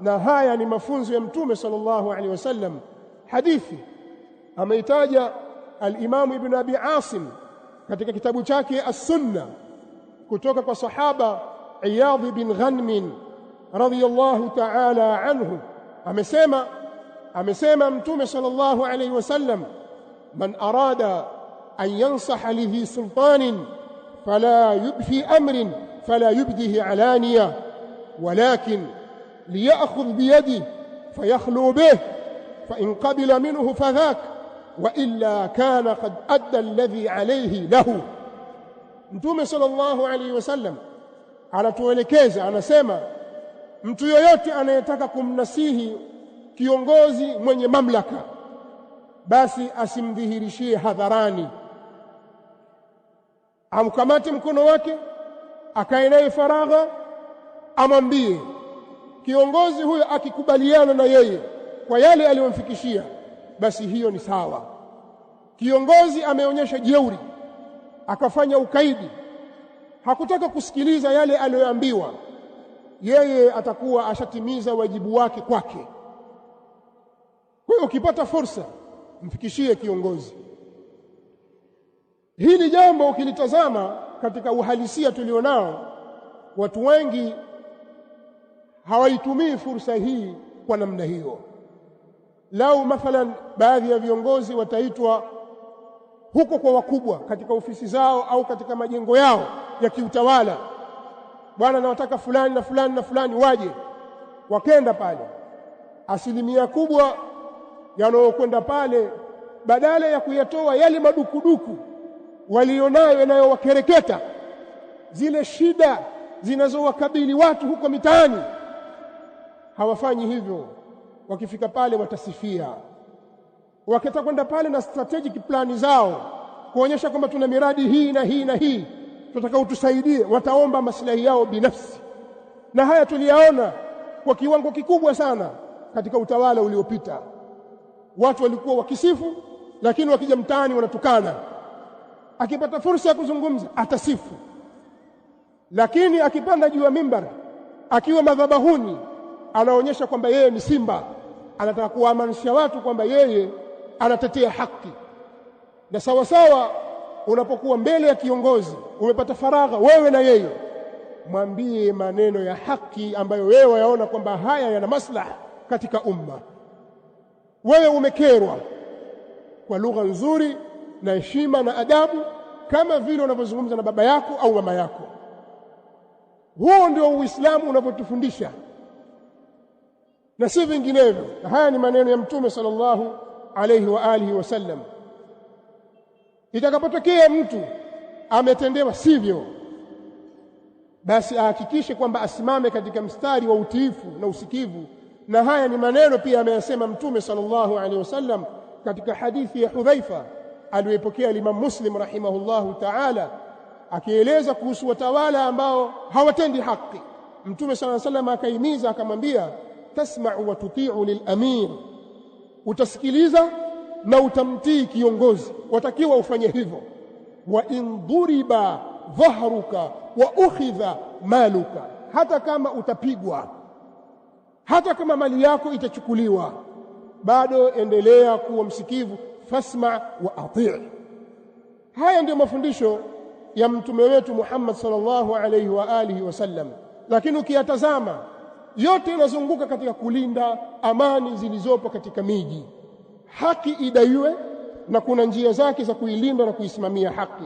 na haya ni mafunzo ya mtume sallallahu alaihi wasallam hadithi ameitaja al-Imam Ibn Abi Asim katika kitabu chake As-Sunna kutoka kwa sahaba Iyadh bin Ghanm radhiyallahu ta'ala anhu amesema amesema mtume sallallahu alaihi wasallam man arada an yansaha lihi sultanin fala yubhi amrin fala yubdihi alaniya walakin ليأخذ بيدي فيخلو به فإن قبل منه فذاك وإلا كان qad adda الذي عليه له Mtume sallallahu alaihi wasallam anatuelekeza anasema mtu yoyote anayetaka kumnasihi kiongozi mwenye mamlaka basi asimdhihirishie hadharani amkamate mkono wake akae naye faragha amwambie kiongozi huyo akikubaliana na yeye kwa yale aliyomfikishia, basi hiyo ni sawa. Kiongozi ameonyesha jeuri, akafanya ukaidi, hakutaka kusikiliza yale aliyoambiwa, yeye atakuwa ashatimiza wajibu wake kwake. Kwa hiyo ukipata fursa, mfikishie kiongozi. Hili jambo ukilitazama katika uhalisia tulionao, watu wengi hawaitumii fursa hii kwa namna hiyo. Lau mathalan baadhi ya viongozi wataitwa huko kwa wakubwa katika ofisi zao au katika majengo yao ya kiutawala, bwana, nawataka fulani na fulani na fulani waje. Wakenda pale, asilimia kubwa yanayokwenda pale, badala ya kuyatoa yale madukuduku walionayo yanayowakereketa, zile shida zinazowakabili watu huko mitaani hawafanyi hivyo wakifika pale watasifia wakitaka kwenda pale na strategic plani zao kuonyesha kwamba tuna miradi hii na hii na hii tutakao tusaidie wataomba maslahi yao binafsi na haya tuliyaona kwa kiwango kikubwa sana katika utawala uliopita watu walikuwa wakisifu lakini wakija mtaani wanatukana akipata fursa ya kuzungumza atasifu lakini akipanda juu ya mimbar akiwa madhabahuni anaonyesha kwamba yeye ni simba, anataka kuwaamanisha watu kwamba yeye anatetea haki. Na sawa sawa, unapokuwa mbele ya kiongozi umepata faragha wewe na yeye, mwambie maneno ya haki ambayo wewe wayaona kwamba haya yana maslaha katika umma. Wewe umekerwa kwa lugha nzuri na heshima na adabu, kama vile unavyozungumza na baba yako au mama yako. Huo ndio Uislamu unavyotufundisha na si vinginevyo haya ni maneno ya mtume sallallahu alayhi wa alihi wasallam itakapotokea mtu ametendewa sivyo basi ahakikishe kwamba asimame katika mstari wa utiifu na usikivu na haya ni maneno pia ameyasema mtume sallallahu alayhi wasallam katika hadithi ya Hudhaifa aliyopokea Imam Muslim rahimahullahu ta'ala akieleza kuhusu watawala ambao hawatendi haki mtume sallallahu alayhi wasallam akaimiza akamwambia tasma'u wa tuti'u lilamir utasikiliza na utamtii kiongozi watakiwa ufanye hivyo wa in duriba dhahruka wa ukhidha maluka hata kama utapigwa hata kama mali yako itachukuliwa bado endelea kuwa msikivu fasma wa atii haya ndiyo mafundisho ya mtume wetu Muhammad sallallahu alayhi wa alihi wasallam lakini ukiyatazama yote inazunguka katika kulinda amani zilizopo katika miji. Haki idaiwe na kuna njia zake za kuilinda na kuisimamia haki.